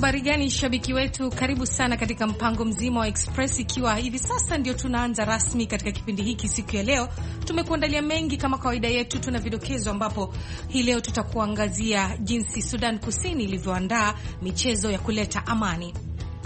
Habari gani shabiki wetu, karibu sana katika mpango mzima wa Express. Ikiwa hivi sasa ndio tunaanza rasmi katika kipindi hiki siku ya leo, tumekuandalia mengi kama kawaida yetu. Tuna vidokezo ambapo hii leo tutakuangazia jinsi Sudan Kusini ilivyoandaa michezo ya kuleta amani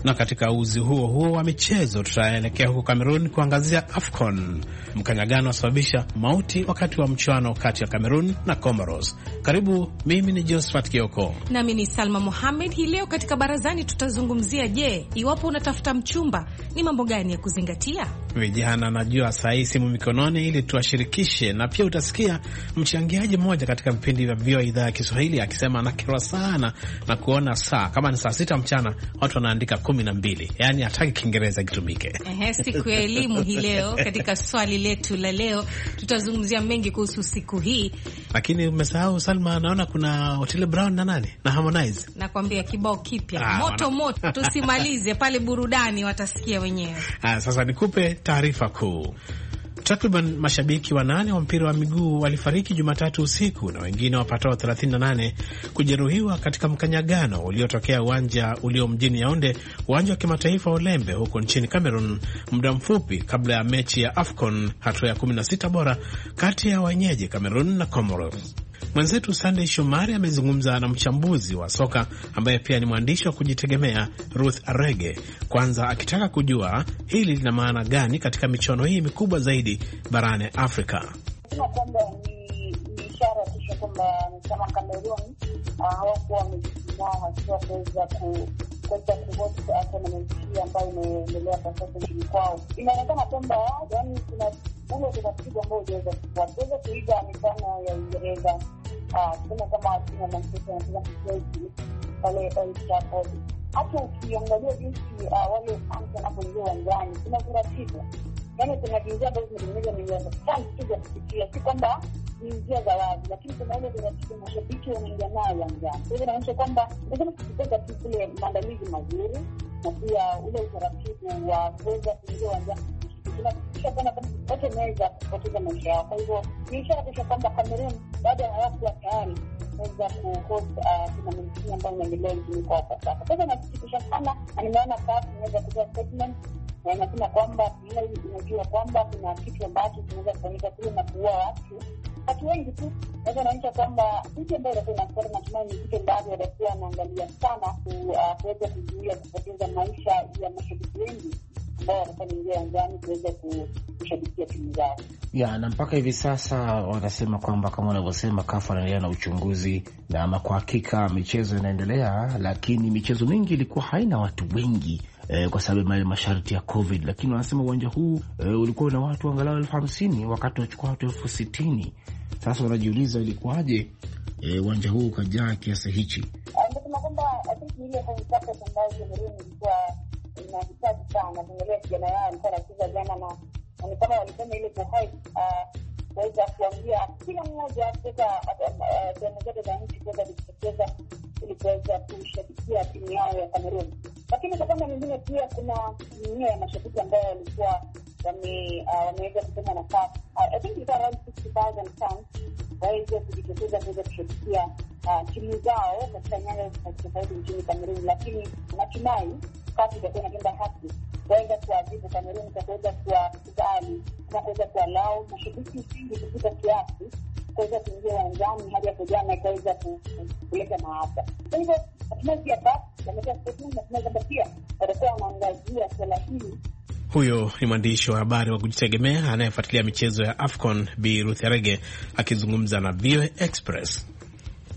na katika uzi huo huo wa michezo, tutaelekea huko Kamerun kuangazia AFCON. Mkanyagano wasababisha mauti wakati wa mchuano kati ya Kamerun na Comoros. Karibu, mimi ni Josephat Kioko nami ni Salma muhamed Hii leo katika barazani tutazungumzia, je, iwapo unatafuta mchumba ni mambo gani ya kuzingatia? Vijana najua sahii simu mikononi, ili tuwashirikishe, na pia utasikia mchangiaji mmoja katika vipindi vya VOA idhaa ya Kiswahili akisema anakerwa sana na kuona saa kama ni saa sita mchana watu wanaandika kumi na mbili, yaani hataki Kiingereza kitumike. Ehe, siku ya elimu hii leo, katika swali letu la leo tutazungumzia mengi kuhusu siku hii, lakini umesahau Salma, naona kuna Otile Brown na nani na Harmonize. Nakwambia kibao kipya ah, moto wana... moto tusimalize pale, burudani watasikia wenyewe. Ah, sasa nikupe taarifa kuu. Takriban mashabiki wanane wa mpira wa miguu walifariki Jumatatu usiku na wengine wapatao 38 kujeruhiwa katika mkanyagano uliotokea uwanja ulio mjini Yaunde, uwanja wa kimataifa wa Olembe huko nchini Cameroon, muda mfupi kabla ya mechi ya AFCON hatua ya 16 bora kati ya wenyeji Cameroon na Comoros. Mwenzetu Sandey Shomari amezungumza na mchambuzi wa soka ambaye pia ni mwandishi wa kujitegemea Ruth Arege, kwanza akitaka kujua hili lina maana gani katika michuano hii mikubwa zaidi barani Afrika. Ah, kuweza kuweza kuhost tournament hii ambayo imeendelea kwa sasa nchini kwao, inaonekana kwamba yani kuna ule utaratibu ambao utaweza kuwa tuweza kuiga mifano ya Uingereza, ah, kusema kama wakina Manchester wanacheza kichezi pale Old Trafford. Hata ukiangalia jinsi ah, wale fans wanapoingia uwanjani, kuna utaratibu, yaani kuna jinsia ambazo zimetengeneza milioni fans tu za kupitia, si kwamba ni njia za wazi, lakini kuna ule utaratibu mashabiki wanaingia nao uwanjani. Kwa hivyo inaonyesha kwamba lazima tukipeza tu kule maandalizi mazuri na pia ule utaratibu wa kuweza kuingia uwanjani tunahakikisha kwamba wote wanaweza kupoteza maisha yao. Kwa hivyo ni ishara tosha kwamba Kamerun bado hawakuwa tayari kuweza kuhost uh, ambayo inaendelea nchini kwa sasa. Kwa hivyo nasikitisha sana, na nimeona CAF inaweza kutoa statement na inasema kwamba inajua kwamba kuna kitu ambacho kinaweza kufanyika kule na kuua watu watu wengi tu. Naweza naonyesha kwamba vitu ambayo itakuwa inafuata, natumai ni vitu ambavyo watakuwa wanaangalia sana uh, kuweza kuzuia kupoteza maisha ya mashabiki wengi ya na mpaka hivi sasa wanasema kwamba kama wanavyosema kafu anaendelea na uchunguzi, na ama kwa hakika michezo inaendelea, lakini michezo mingi ilikuwa haina watu wengi eh, kwa sababu ya masharti ya COVID. Lakini wanasema uwanja huu eh, ulikuwa na watu angalau elfu hamsini wakati wachukua watu elfu sitini Sasa wanajiuliza ilikuwaje eh, uwanja eh, huu ukajaa kiasi hichi. ile inahitaji sana kuangalia kijana yao alikuwa anacheza jana, na ni kama walisema ile eh, kuweza kuambia kila mmoja kutoka eh, sehemu zote za nchi kuweza kujitokeza ili kuweza kushabikia timu yao ya Kamerun. Lakini kwa pande nyingine pia kuna mia ya mashabiki ambayo walikuwa eh, wameweza kusema nafasi, I think ilikuwa around 60,000 fans waweze kujitokeza kuweza kushabikia timu zao katika nyanja tofauti nchini Kamerun, lakini natumai kati itakuwa inakwenda haki, waweza kuwaadhibu Kameruni kwa kuweza kuwakubali ama kuweza kuwalau mashabiki wengi kupita kiasi, kuweza kuingia uwanjani hadi hapo jana ikaweza kuleta maafa. Kwa hivyo matumizi pia basi yametoa statement na tunaweza pia watakuwa wanaangazia swala hili. Huyo ni mwandishi wa habari wa kujitegemea anayefuatilia michezo ya AFCON Bi Ruth Arege akizungumza na VOA Express.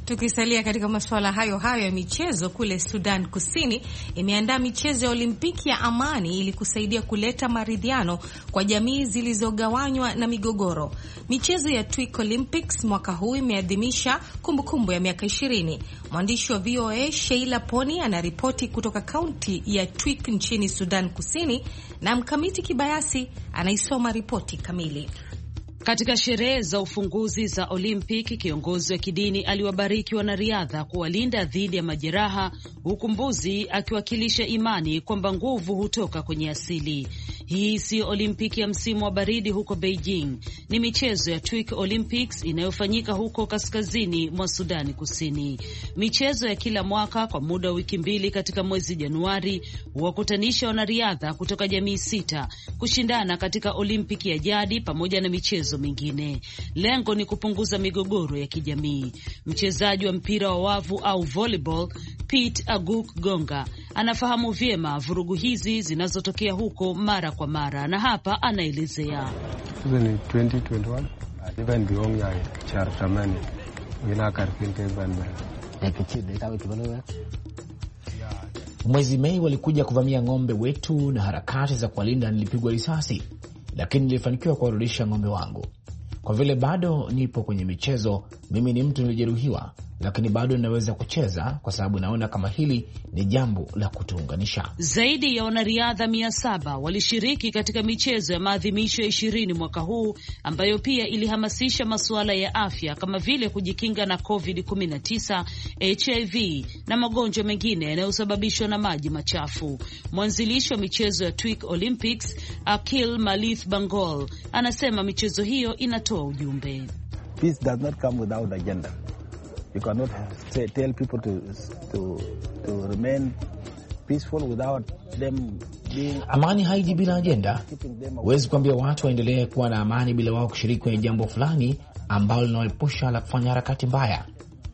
Tukisalia katika masuala hayo hayo ya michezo, kule Sudan Kusini imeandaa michezo ya Olimpiki ya amani ili kusaidia kuleta maridhiano kwa jamii zilizogawanywa na migogoro. Michezo ya Twik Olympics mwaka huu imeadhimisha kumbukumbu ya miaka 20. Mwandishi wa VOA Sheila Poni anaripoti kutoka kaunti ya Twik nchini Sudan Kusini, na Mkamiti Kibayasi anaisoma ripoti kamili. Katika sherehe za ufunguzi za Olimpiki, kiongozi wa kidini aliwabariki wanariadha kuwalinda dhidi ya majeraha, huku mbuzi akiwakilisha imani kwamba nguvu hutoka kwenye asili. Hii siyo olimpiki ya msimu wa baridi huko Beijing, ni michezo ya Twik Olympics inayofanyika huko kaskazini mwa Sudani Kusini. Michezo ya kila mwaka kwa muda wa wiki mbili katika mwezi Januari huwakutanisha wanariadha kutoka jamii sita kushindana katika olimpiki ya jadi pamoja na michezo mingine. Lengo ni kupunguza migogoro ya kijamii. Mchezaji wa mpira wa wavu au volleyball Pete Aguk Gonga anafahamu vyema vurugu hizi zinazotokea huko mara kwa mara, na hapa anaelezea Mwezi Mei walikuja kuvamia ng'ombe wetu na harakati za kuwalinda, nilipigwa risasi, lakini nilifanikiwa kuwarudisha ng'ombe wangu. Kwa vile bado nipo kwenye michezo, mimi ni mtu nilijeruhiwa, lakini bado ninaweza kucheza kwa sababu naona kama hili ni jambo la kutuunganisha. Zaidi ya wanariadha mia saba walishiriki katika michezo ya maadhimisho ya ishirini mwaka huu ambayo pia ilihamasisha masuala ya afya kama vile kujikinga na COVID-19, HIV na magonjwa mengine yanayosababishwa na maji machafu. Mwanzilishi wa michezo ya Twik Olympics Akil Malith Bangol anasema michezo hiyo inatoa ujumbe Peace does not come without agenda. You cannot say, tell people to, to, to remain peaceful without them being... Amani haiji bila ajenda. Huwezi kuambia watu waendelee kuwa na amani bila wao kushiriki kwenye jambo fulani ambalo linaoepusha la kufanya harakati mbaya.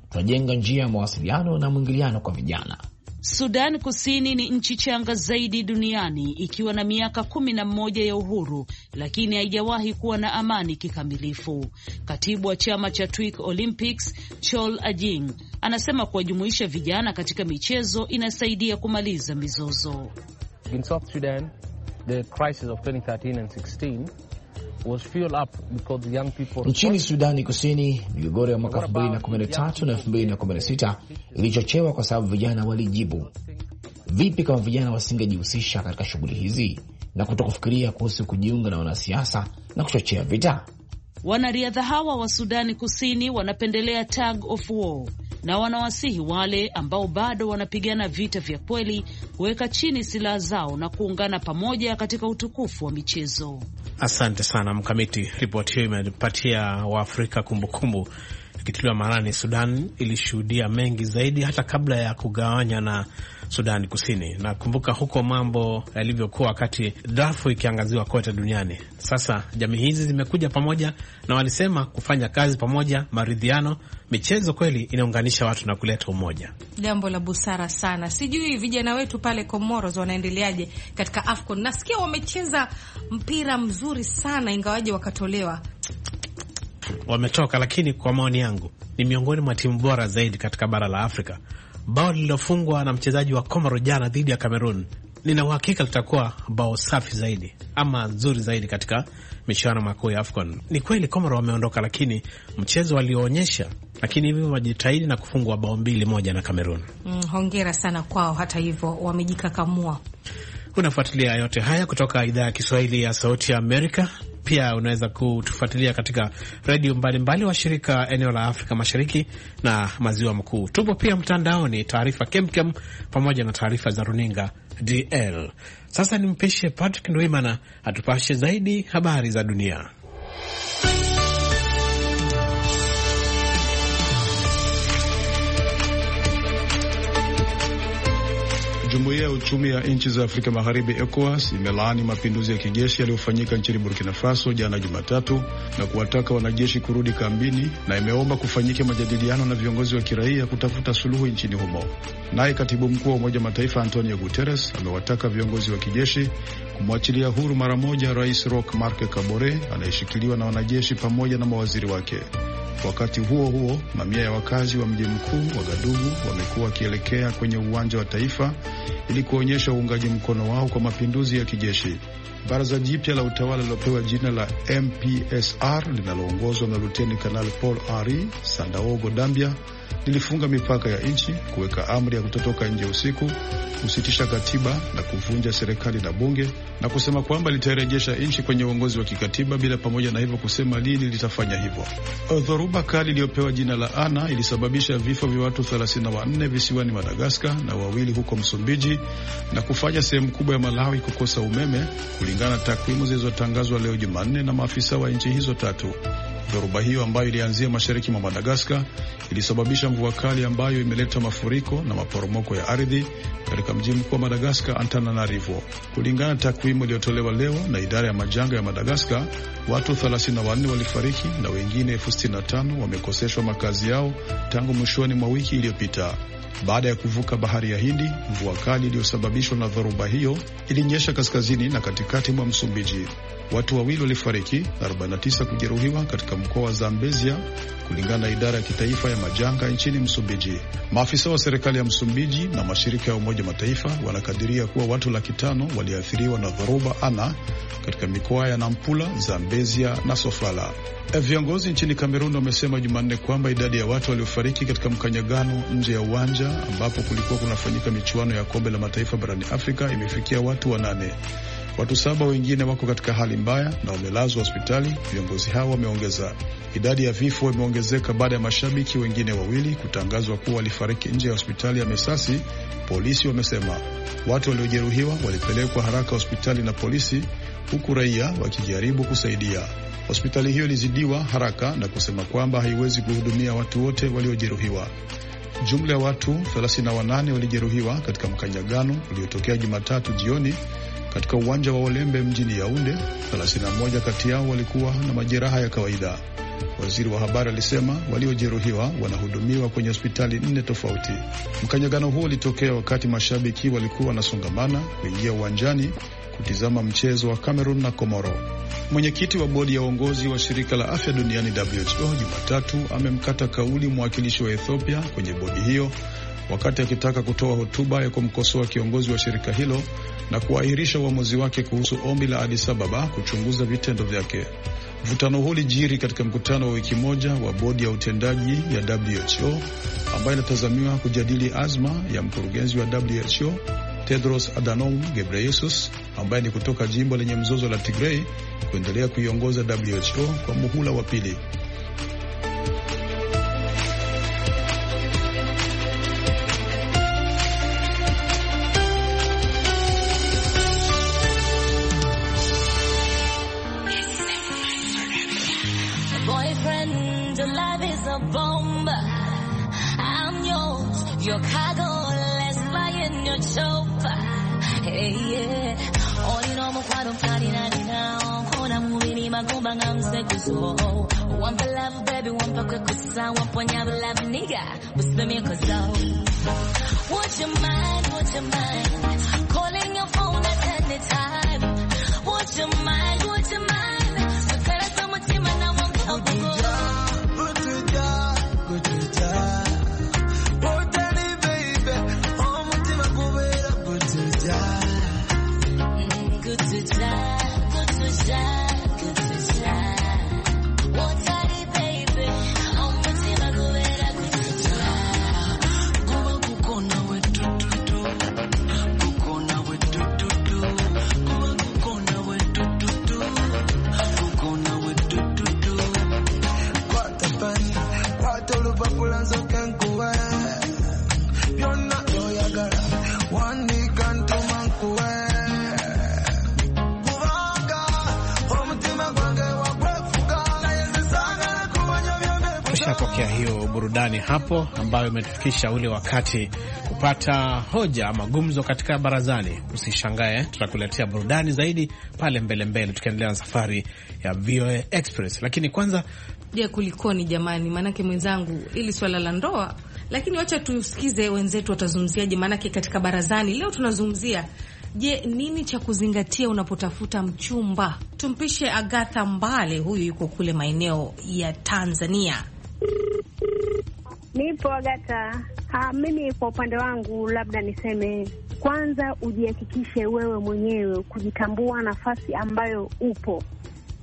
Tunajenga njia ya mawasiliano na mwingiliano kwa vijana. Sudan Kusini ni nchi changa zaidi duniani ikiwa na miaka kumi na mmoja ya uhuru, lakini haijawahi kuwa na amani kikamilifu. Katibu wa chama cha Twik Olympics Chol Ajing anasema kuwajumuisha vijana katika michezo inasaidia kumaliza mizozo. In South Sudan, the crisis of 2013 and 16 Nchini Sudani Kusini, migogoro ya mwaka 2013 na 2016 ilichochewa kwa sababu vijana walijibu. Vipi kama vijana wasingejihusisha katika shughuli hizi na kutokufikiria kuhusu kujiunga na wanasiasa na kuchochea vita? Wanariadha hawa wa Sudani Kusini wanapendelea tug of war na wanawasihi wale ambao bado wanapigana vita vya kweli kuweka chini silaha zao na kuungana pamoja katika utukufu wa michezo. Asante sana Mkamiti, ripoti hiyo imepatia Waafrika kumbukumbu. Ikituliwa maanani, Sudan ilishuhudia mengi zaidi hata kabla ya kugawanya na Sudani Kusini. Nakumbuka huko mambo yalivyokuwa wakati dafu ikiangaziwa kote duniani. Sasa jamii hizi zimekuja pamoja na walisema kufanya kazi pamoja, maridhiano michezo kweli inaunganisha watu na kuleta umoja, jambo la busara sana. Sijui vijana wetu pale Comoros wanaendeleaje katika AFCON. Nasikia wamecheza mpira mzuri sana, ingawaje wakatolewa wametoka, lakini kwa maoni yangu ni miongoni mwa timu bora zaidi katika bara la Afrika. Bao lililofungwa na mchezaji wa comoro jana dhidi ya Cameroon nina uhakika litakuwa bao safi zaidi ama nzuri zaidi katika michuano makuu ya AFCON. Ni kweli Komoro wameondoka, lakini mchezo walioonyesha, lakini hivyo wajitahidi na kufungwa bao mbili moja na Kamerun. Mm, hongera sana kwao, hata hivyo wamejikakamua. Unafuatilia yote haya kutoka idhaa ya Kiswahili ya Sauti ya Amerika. Pia unaweza kutufuatilia katika redio mbalimbali wa shirika eneo la Afrika Mashariki na Maziwa Makuu. Tupo pia mtandaoni, taarifa kemkem pamoja na taarifa za runinga DL. Sasa nimpishe Patrick Ndwimana atupashe zaidi habari za dunia. Jumuiya ya uchumi ya nchi za Afrika Magharibi, ECOWAS, imelaani mapinduzi ya kijeshi yaliyofanyika nchini Burkina Faso jana Jumatatu na kuwataka wanajeshi kurudi kambini na imeomba kufanyike majadiliano na viongozi wa kiraia kutafuta suluhu nchini humo. Naye katibu mkuu wa Umoja Mataifa Antonio Guterres amewataka viongozi wa kijeshi kumwachilia huru mara moja Rais Roch Marc Kabore anayeshikiliwa na wanajeshi pamoja na mawaziri wake. Wakati huo huo, mamia ya wakazi wa mji mkuu wa gadugu wamekuwa wakielekea kwenye uwanja wa taifa ili kuonyesha uungaji mkono wao kwa mapinduzi ya kijeshi. Baraza jipya la utawala lilopewa jina la MPSR linaloongozwa na Luteni Kanali Paul ari Sandaogo Dambia lilifunga mipaka ya nchi, kuweka amri ya kutotoka nje usiku, kusitisha katiba na kuvunja serikali na bunge, na kusema kwamba litairejesha nchi kwenye uongozi wa kikatiba bila pamoja na hivyo kusema lini litafanya hivyo. Dhoruba kali iliyopewa jina la Ana ilisababisha vifo vya watu 34 visiwani Madagaskar na wawili huko Msumbiji na kufanya sehemu kubwa ya Malawi kukosa umeme kulingana na takwimu zilizotangazwa leo Jumanne na maafisa wa nchi hizo tatu. Dhoruba hiyo ambayo ilianzia mashariki mwa Madagaskar ilisababisha mvua kali ambayo imeleta mafuriko na maporomoko ya ardhi katika mji mkuu wa Madagaskar, Antananarivo. Kulingana na takwimu iliyotolewa leo na idara ya majanga ya Madagaskar, watu 34 walifariki na wengine 65 wamekoseshwa makazi yao tangu mwishoni mwa wiki iliyopita. Baada ya kuvuka bahari ya Hindi, mvua kali iliyosababishwa na dhoruba hiyo ilinyesha kaskazini na katikati mwa Msumbiji. Watu wawili walifariki na 49 kujeruhiwa katika mkoa wa Zambezia, kulingana na idara ya kitaifa ya majanga nchini Msumbiji. Maafisa wa serikali ya Msumbiji na mashirika ya Umoja Mataifa wanakadiria kuwa watu laki tano waliathiriwa na dhoruba Ana katika mikoa ya Nampula, Zambezia na Sofala. Eh, viongozi nchini Kamerun wamesema Jumanne kwamba idadi ya watu waliofariki katika mkanyagano nje ya uwanja moja ambapo kulikuwa kunafanyika michuano ya kombe la mataifa barani Afrika imefikia watu wanane. Watu saba wengine wako katika hali mbaya na wamelazwa hospitali, viongozi hao wameongeza. Idadi ya vifo imeongezeka baada ya mashabiki wengine wawili kutangazwa kuwa walifariki nje ya hospitali ya Mesasi, polisi wamesema. Watu waliojeruhiwa walipelekwa haraka hospitali na polisi, huku raia wakijaribu kusaidia. Hospitali hiyo ilizidiwa haraka na kusema kwamba haiwezi kuhudumia watu wote waliojeruhiwa. Jumla ya watu 38 walijeruhiwa katika mkanyagano uliotokea Jumatatu jioni katika uwanja wa Olembe mjini Yaunde. 31 kati yao walikuwa na majeraha ya kawaida. Waziri wa habari alisema waliojeruhiwa wanahudumiwa kwenye hospitali nne tofauti. Mkanyagano huo ulitokea wakati mashabiki walikuwa wanasongamana kuingia uwanjani kutizama mchezo wa Cameroon na Komoro. Mwenyekiti wa bodi ya uongozi wa shirika la afya duniani WHO Jumatatu amemkata kauli mwakilishi wa Ethiopia kwenye bodi hiyo wakati akitaka kutoa hotuba ya kumkosoa kiongozi wa shirika hilo na kuahirisha uamuzi wake kuhusu ombi la Addis Ababa kuchunguza vitendo vyake. Mvutano huu ulijiri katika mkutano wa wiki moja wa bodi ya utendaji ya WHO ambayo inatazamiwa kujadili azma ya mkurugenzi wa WHO Tedros Adhanom Ghebreyesus ambaye ni kutoka jimbo lenye mzozo la Tigray kuendelea kuiongoza WHO kwa muhula wa pili. hapo ambayo imetufikisha ule wakati kupata hoja ama gumzo katika barazani. Usishangae, tutakuletea burudani zaidi pale mbele mbele, tukiendelea na safari ya VOA Express. Lakini kwanza, je, kulikoni jamani? Maanake mwenzangu, ili swala la ndoa, lakini wacha tusikize wenzetu watazungumziaje, maanake katika barazani leo tunazungumzia Je, nini cha kuzingatia unapotafuta mchumba? Tumpishe Agatha Mbale, huyu yuko kule maeneo ya Tanzania. Nipo Agata. Ha, mimi kwa upande wangu labda niseme kwanza, ujihakikishe wewe mwenyewe kujitambua nafasi ambayo upo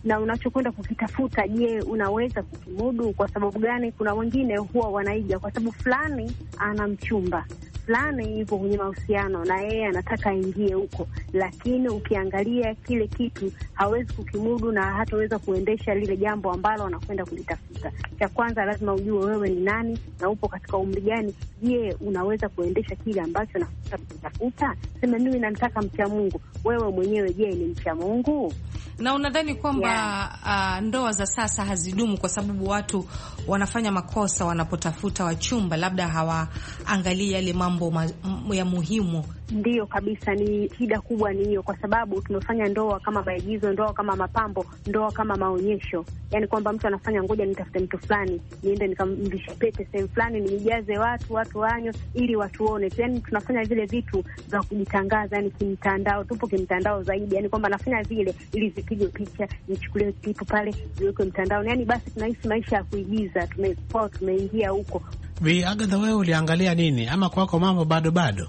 na unachokwenda kukitafuta. Je, unaweza kukimudu? Kwa sababu gani? Kuna wengine huwa wanaiga kwa sababu fulani ana mchumba fulani yupo kwenye mahusiano na yeye anataka aingie huko, lakini ukiangalia kile kitu hawezi kukimudu na hataweza kuendesha lile jambo ambalo anakwenda kulitafuta. Cha kwanza lazima ujue wewe ni nani na upo katika umri gani. Je, unaweza kuendesha kile ambacho nakuta kutafuta? Sema mimi namtaka mcha Mungu, wewe mwenyewe je, ni mcha Mungu? Na unadhani kwamba yeah, uh, ndoa za sasa hazidumu kwa sababu watu wanafanya makosa wanapotafuta wachumba, labda hawaangalii yale mambo mambo ma, ya muhimu Ndiyo kabisa, ni shida kubwa ni hiyo, kwa sababu tumefanya ndoa kama maigizo, ndoa kama mapambo, ndoa kama maonyesho, yaani kwamba mtu anafanya ngoja nitafute mtu fulani, niende nikamvishe pete sehemu fulani, nijaze watu watu wanywe ili watuone tu. Yaani tunafanya vile vitu za kujitangaza, yani kimtandao, tupo kimtandao zaidi, yani kwamba nafanya vile ili zipigwe picha, nichukulie kitu pale ziwekwe mtandao, yani basi tunaishi maisha ya kuigiza, tumekuwa tumeingia huko. Bi Agatha, wewe uliangalia nini ama kwako mambo bado bado?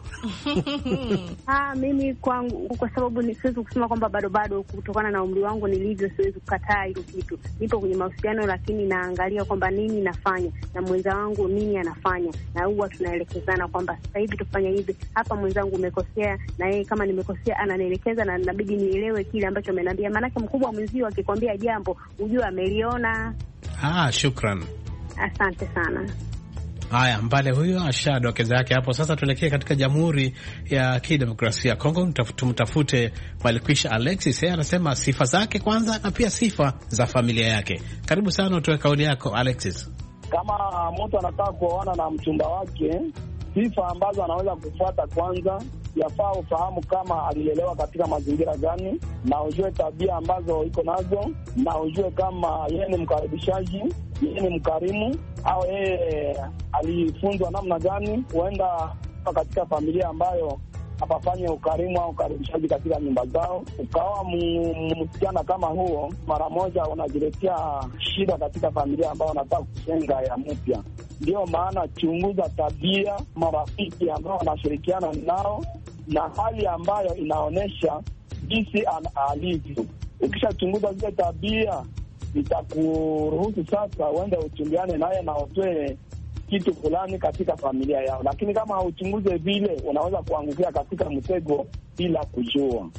Mm. Ah, mimi kwangu, kwa sababu siwezi kusema kwamba bado bado, kutokana na umri wangu nilivyo, siwezi kukataa hilo kitu. Nipo kwenye mahusiano, lakini naangalia kwamba nini nafanya na mwenza wangu nini anafanya, na huwa tunaelekezana kwamba sasa hivi tufanya hivi, hapa mwenzangu umekosea, na yeye kama nimekosea ananielekeza, na inabidi nielewe kile ambacho ameniambia, maanake mkubwa mwenzio akikwambia jambo ujue ameliona. Ah, shukran, asante sana. Haya, Mbale huyo ashadokeza yake hapo. Sasa tuelekee katika Jamhuri ya Kidemokrasia ya Kongo, tumtafute Malikwisha Alexis. Yeye anasema sifa zake kwanza na pia sifa za familia yake. Karibu sana, utoe kauli yako Alexis. Kama mtu anataka kuoana na mchumba wake, sifa ambazo anaweza kufuata kwanza yafaa ufahamu kama alilelewa katika mazingira gani, na ujue tabia ambazo iko nazo, na ujue kama yeye ni mkaribishaji, yeye ni mkarimu, au yeye alifunzwa namna gani. Huenda katika familia ambayo apafanye ukarimu au ukaribishaji katika nyumba zao, ukawa msichana kama huo, mara moja unajiletea shida katika familia ambayo anataka kujenga ya mpya. Ndiyo maana chunguza tabia, marafiki ambao wanashirikiana nao na hali ambayo inaonyesha jinsi alivyo. Ukishachunguza zile tabia, itakuruhusu sasa uende uchungiane naye na utoe kitu fulani katika familia yao, lakini kama hauchunguze vile, unaweza kuangukia katika mtego bila kujua.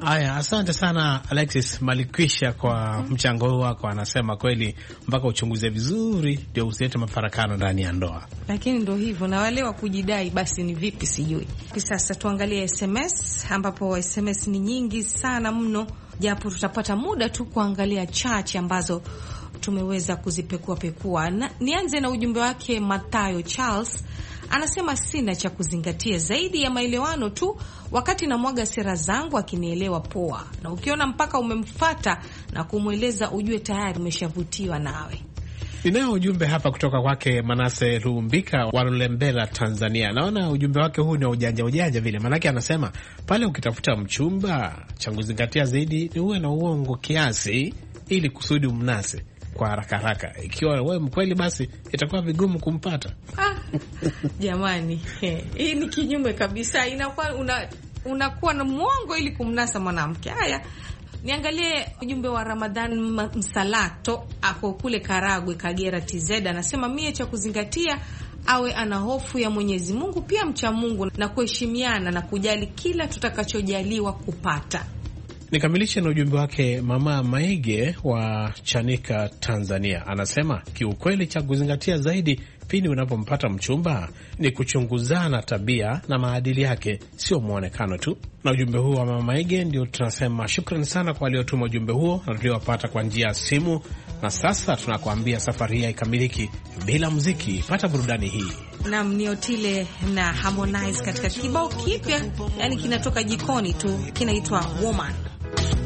Haya, asante sana Alexis Malikwisha kwa mchango huu wako. Anasema kweli mpaka uchunguze vizuri ndio usilete mafarakano ndani ya ndoa, lakini ndo hivyo na wale wa kujidai basi ni vipi? Sijui sasa. Tuangalie SMS ambapo SMS ni nyingi sana mno, japo tutapata muda tu kuangalia chache ambazo tumeweza kuzipekua pekua. Na, nianze na ujumbe wake Matayo Charles anasema sina cha kuzingatia zaidi ya maelewano tu wakati namwaga sera zangu akinielewa poa, na ukiona mpaka umemfata na kumweleza, ujue tayari umeshavutiwa nawe. Inayo ujumbe hapa kutoka kwake Manase rumbika wa Lulembela, Tanzania. Naona ujumbe wake huu ni wa ujanja ujanja vile, maanake anasema pale, ukitafuta mchumba cha kuzingatia zaidi ni uwe na uongo kiasi, ili kusudi umnase kwa haraka haraka. Ikiwa wewe mkweli, basi itakuwa vigumu kumpata. Ah, Jamani, hii ni kinyume kabisa, inakuwa una, unakuwa na mwongo ili kumnasa mwanamke. Haya, niangalie ujumbe wa Ramadhan Msalato, ako kule Karagwe, Kagera, TZ. Anasema mie cha kuzingatia awe ana hofu ya Mwenyezi Mungu, pia mcha Mungu na kuheshimiana na kujali kila tutakachojaliwa kupata. Nikamilishe na ujumbe wake Mama Maige wa Chanika, Tanzania. Anasema kiukweli, cha kuzingatia zaidi pindi unapompata mchumba ni kuchunguzana tabia na maadili yake, sio mwonekano tu. Na ujumbe huo wa Mama Maige ndio tunasema shukrani sana kwa waliotuma ujumbe huo na tuliowapata kwa njia ya simu. Na sasa tunakuambia safari hii haikamiliki bila muziki. Pata burudani hii nam ni Otile na Harmonize katika kibao kipya, yani kinatoka jikoni tu, kinaitwa Woman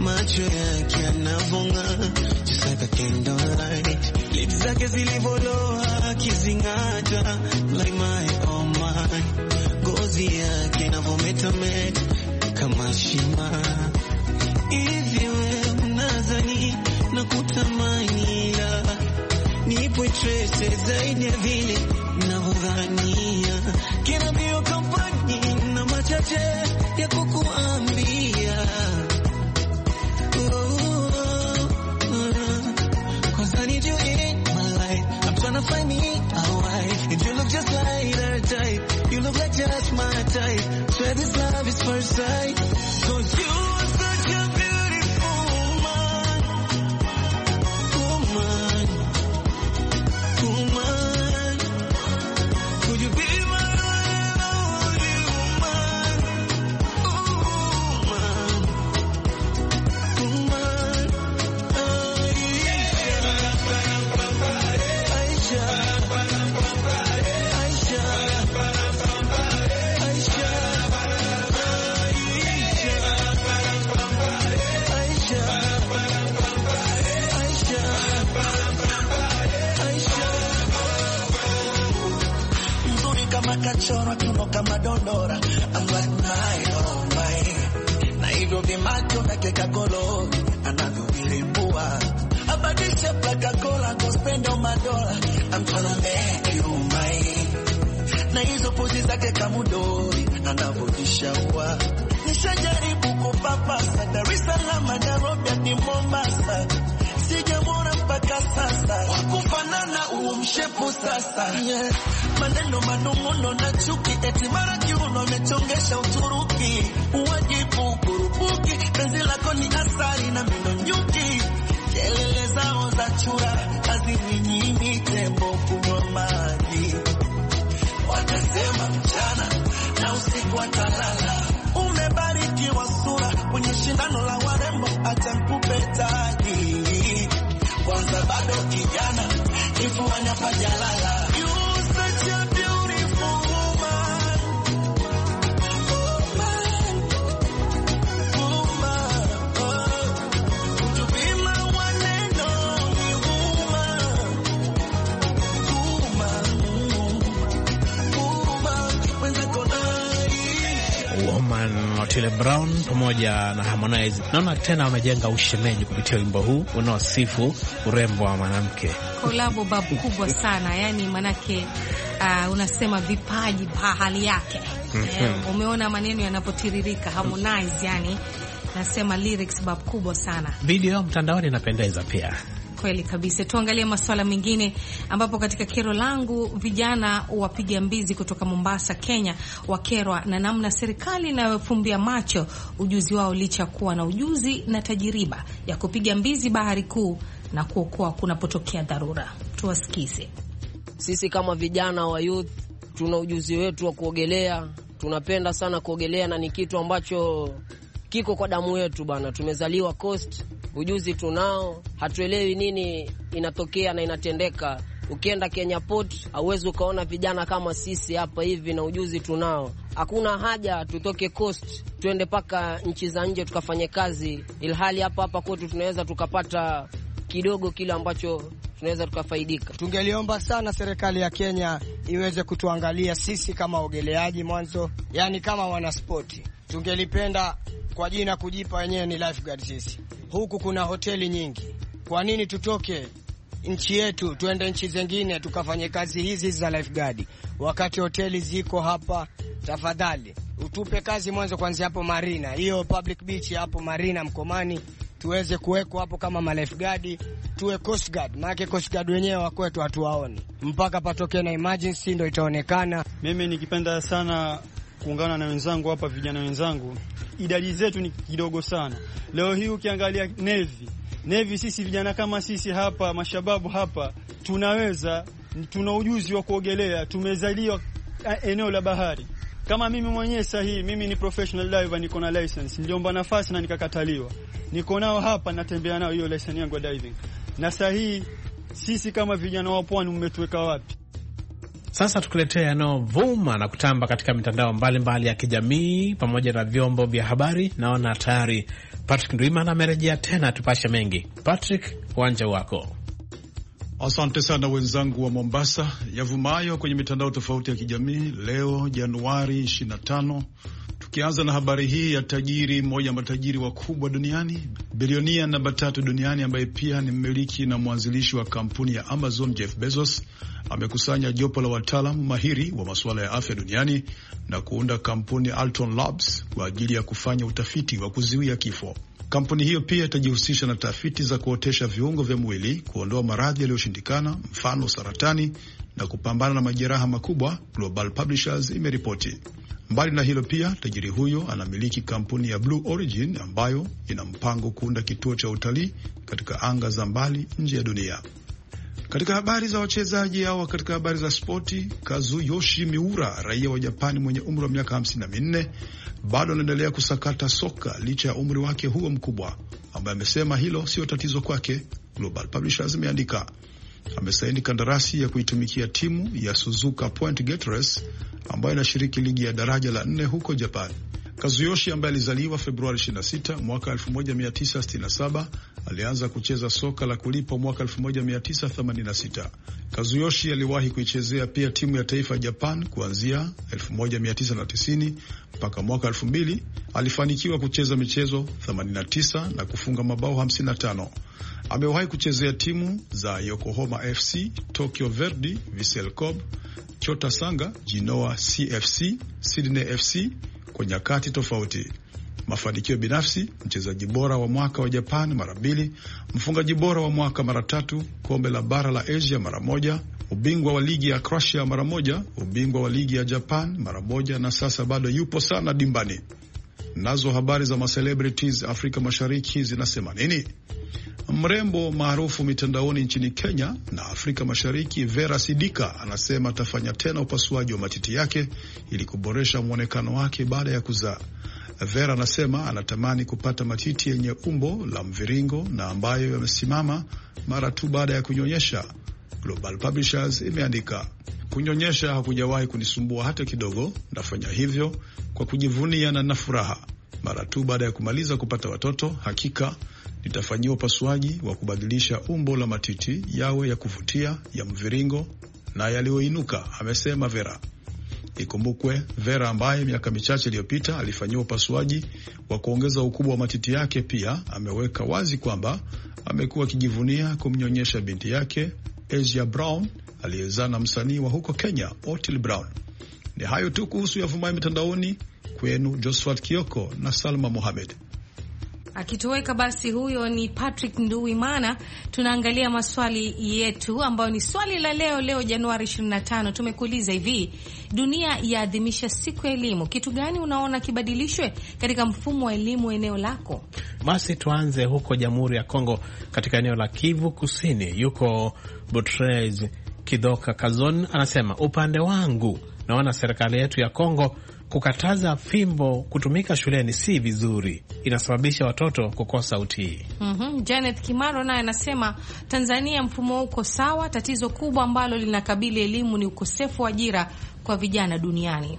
macho yake yanavong'aa, just like a candlelight, lips zake zilivoloa, kizingata like my oh my, gozi yake inavometameta kama shima hivi, we mnadhani na kutamani, la nipwetwete zaidi ya vile navyodhania, kina mbio kampani na machache ya kukuambi my type. Swear this love is first sight. matuno kama donora oh na hivyo vimacho na kekakolo anavyovilimbua abadishe plakakola kospendo madola na hizo pozi zake kamudori anavyojishaua nishajaribu kupapasa Dar es Salaam, Nairobi hadi Mombasa mpaka sasa wakufanana huo mshepu sasa, yeah. Maneno manung'uno na chuki, eti mara kiuno amechongesha Uturuki, uwajibu kurupuki, penzi lako ni asari na mino nyuki, kelele zao za chura nyingi tembo kunywa maji, watasema mchana na usiku watalala. Umebarikiwa sura kwenye shindano la warembo, acha la Otile Brown pamoja na Harmonize. Naona tena wamejenga ushemeji kupitia wimbo huu unaosifu urembo wa mwanamke. Kolabo babu kubwa sana yani, manake uh, unasema vipaji bahali yake. mm -hmm. umeona maneno yanapotiririka Harmonize, yani nasema lyrics babu kubwa sana. Video mtandaoni inapendeza pia kweli kabisa. Tuangalie masuala mengine, ambapo katika kero langu vijana wapiga mbizi kutoka Mombasa, Kenya wakerwa na namna serikali inayofumbia macho ujuzi wao licha ya kuwa na ujuzi na tajiriba ya kupiga mbizi bahari kuu na kuokoa kunapotokea dharura. Tuwasikize. Sisi kama vijana wa youth tuna ujuzi wetu wa kuogelea, tunapenda sana kuogelea na ni kitu ambacho kiko kwa damu yetu bana, tumezaliwa coast ujuzi tunao, hatuelewi nini inatokea na inatendeka. Ukienda Kenya Port hauwezi ukaona vijana kama sisi hapa hivi, na ujuzi tunao. Hakuna haja tutoke coast tuende mpaka nchi za nje tukafanye kazi, ilhali hapa hapa kwetu tunaweza tukapata kidogo kile ambacho tunaweza tukafaidika. Tungeliomba sana serikali ya Kenya iweze kutuangalia sisi kama ogeleaji mwanzo, yani kama wanaspoti tungelipenda kwa jina kujipa wenyewe ni lifeguard sisi. Huku kuna hoteli nyingi, kwa nini tutoke nchi yetu tuende nchi zingine tukafanye kazi hizi za lifeguard wakati hoteli ziko hapa? Tafadhali utupe kazi mwanzo, kwanzia hapo Marina, hiyo public beach hapo Marina Mkomani, tuweze kuwekwa hapo kama ma lifeguard, tuwe coast guard, maana coast guard wenyewe wakwetu hatuwaoni mpaka patokee na emergency, ndio itaonekana. Mimi nikipenda sana kuungana na wenzangu hapa, vijana wenzangu, idadi zetu ni kidogo sana. Leo hii ukiangalia nevi nevi, sisi vijana kama sisi hapa mashababu hapa tunaweza, tuna ujuzi wa kuogelea, tumezaliwa eh, eneo la bahari. Kama mimi mwenyewe hii mimi ni professional diver, niko na license, niliomba nafasi na nikakataliwa. Niko nao hapa, natembea nao hiyo license yangu ya diving. Na hii sisi kama vijana wa pwani, mmetuweka wapi? Sasa tukuletea yanayovuma na kutamba katika mitandao mbalimbali ya kijamii pamoja na vyombo vya habari. Naona tayari Patrick Ndwimana amerejea tena tupashe mengi. Patrick, uwanja wako. Asante sana wenzangu wa Mombasa. Yavumayo kwenye mitandao tofauti ya kijamii leo Januari 25 Tukianza na habari hii ya tajiri mmoja wa matajiri wakubwa duniani, bilionia namba tatu duniani ambaye pia ni mmiliki na mwanzilishi wa kampuni ya Amazon, Jeff Bezos amekusanya jopo la wataalam mahiri wa masuala ya afya duniani na kuunda kampuni Alton Labs kwa ajili ya kufanya utafiti wa kuzuia kifo. Kampuni hiyo pia itajihusisha na tafiti za kuotesha viungo vya mwili, kuondoa maradhi yaliyoshindikana, mfano saratani, na kupambana na majeraha makubwa, Global Publishers imeripoti. Mbali na hilo pia tajiri huyo anamiliki kampuni ya Blue Origin ambayo ina mpango kuunda kituo cha utalii katika anga za mbali nje ya dunia. Katika habari za wachezaji au katika habari za spoti, Kazuyoshi Miura, raia wa Japani mwenye umri wa miaka 54, bado anaendelea kusakata soka licha ya umri wake huo mkubwa, ambaye amesema hilo sio tatizo kwake. Global Publishers imeandika amesaini kandarasi ya kuitumikia timu ya Suzuka Point Gators ambayo inashiriki ligi ya daraja la nne huko Japan. Kazuyoshi ambaye alizaliwa Februari 26 mwaka 1967 alianza kucheza soka la kulipwa mwaka 1986. Kazuyoshi aliwahi kuichezea pia timu ya taifa ya Japan kuanzia 1990 mpaka mwaka 2000. Alifanikiwa kucheza michezo 89 na kufunga mabao 55. Amewahi kuchezea timu za Yokohama FC, Tokyo Verdy, Vissel Kobe, chota Sanga, jinoa CFC, Sydney FC kwa nyakati tofauti: mafanikio binafsi, mchezaji bora wa mwaka wa Japan mara mbili, mfungaji bora wa mwaka mara tatu, kombe la bara la Asia mara moja, ubingwa wa ligi ya Croatia mara moja, ubingwa wa ligi ya Japan mara moja, na sasa bado yupo sana dimbani. Nazo habari za macelebrities Afrika Mashariki zinasema nini? Mrembo maarufu mitandaoni nchini Kenya na Afrika Mashariki Vera Sidika anasema atafanya tena upasuaji wa matiti yake ili kuboresha mwonekano wake baada ya kuzaa. Vera anasema anatamani kupata matiti yenye umbo la mviringo na ambayo yamesimama mara tu baada ya kunyonyesha. Global Publishers imeandika Kunyonyesha hakujawahi kunisumbua hata kidogo. Nafanya hivyo kwa kujivunia na na furaha. Mara tu baada ya kumaliza kupata watoto, hakika nitafanyiwa upasuaji wa kubadilisha umbo la matiti yawe ya kuvutia, ya mviringo na yaliyoinuka, amesema Vera. Ikumbukwe Vera ambaye miaka michache iliyopita alifanyiwa upasuaji wa kuongeza ukubwa wa matiti yake, pia ameweka wazi kwamba amekuwa akijivunia kumnyonyesha binti yake Asia Brown aliyezaa na msanii wa huko Kenya otil Brown. Ni hayo tu kuhusu yavumayo mitandaoni. Kwenu Josphat Kioko na Salma Mohamed. Akitoweka basi, huyo ni Patrick Nduwimana. Tunaangalia maswali yetu ambayo ni swali la leo. Leo Januari 25, tumekuuliza hivi, dunia yaadhimisha siku ya elimu, kitu gani unaona kibadilishwe katika mfumo wa elimu eneo lako? Basi tuanze huko Jamhuri ya Kongo, katika eneo la Kivu Kusini, yuko Botrez Kidoka Kazon, anasema upande wangu naona serikali yetu ya Kongo kukataza fimbo kutumika shuleni si vizuri, inasababisha watoto kukosa utii. mm -hmm. Janet Kimaro naye anasema Tanzania mfumo uko sawa, tatizo kubwa ambalo linakabili elimu ni ukosefu wa ajira kwa vijana duniani.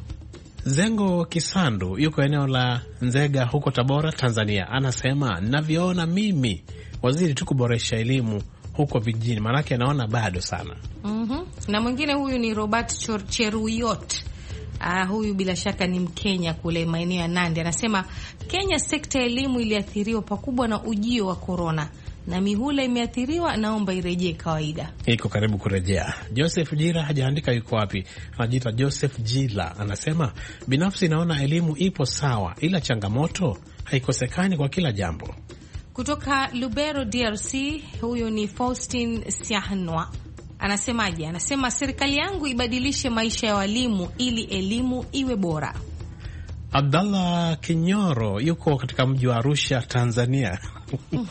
Zengo Kisandu yuko eneo la Nzega huko Tabora, Tanzania, anasema navyoona mimi waziri tu kuboresha elimu huko vijijini, maanake anaona bado sana. mm -hmm. na mwingine huyu ni Robert Cheruyot Uh, huyu bila shaka ni Mkenya kule maeneo ya Nandi. Anasema Kenya sekta ya elimu iliathiriwa pakubwa na ujio wa korona na mihula imeathiriwa, naomba irejee kawaida. Iko karibu kurejea. Joseph Jira hajaandika yuko wapi, anajiita Joseph Jila, anasema binafsi naona elimu ipo sawa, ila changamoto haikosekani kwa kila jambo. Kutoka Lubero, DRC, huyu ni Faustin Siahnwa Anasemaje? Anasema serikali yangu ibadilishe maisha ya walimu ili elimu iwe bora. Abdallah Kinyoro yuko katika mji wa Arusha, Tanzania. Hmm.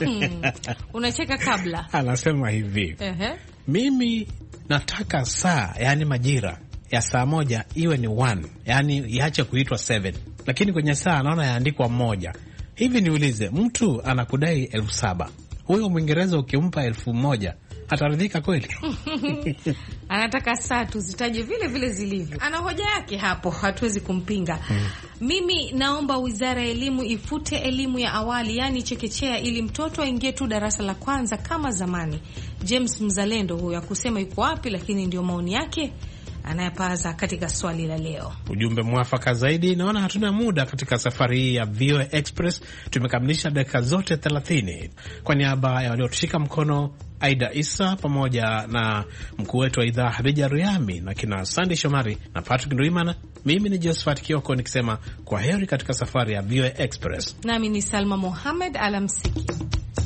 Unacheka kabla. Anasema hivi uh -huh. Mimi nataka saa, yaani majira ya saa moja iwe ni one, yaani iache kuitwa seven, lakini kwenye saa anaona yaandikwa moja hivi. Niulize, mtu anakudai elfu saba huyo Mwingereza ukimpa elfu moja ataridhika kweli? Anataka saa tuzitaje vile vile zilivyo. Ana hoja yake hapo, hatuwezi kumpinga hmm. Mimi naomba wizara ya elimu ifute elimu ya awali, yaani chekechea, ili mtoto aingie tu darasa la kwanza kama zamani. James Mzalendo huyo akusema yuko wapi, lakini ndio maoni yake anayepaza katika swali la leo. Ujumbe mwafaka zaidi. Naona hatuna muda katika safari hii ya VOA Express, tumekamilisha dakika zote 30. Kwa niaba ya waliotushika mkono Aida Isa pamoja na mkuu wetu wa idhaa Hadija Riami na kina Sandey Shomari na Patrick Ndwimana, mimi ni Josephat Kioko nikisema kwa heri katika safari ya VOA Express, nami ni Salma Mohamed. Alamsiki.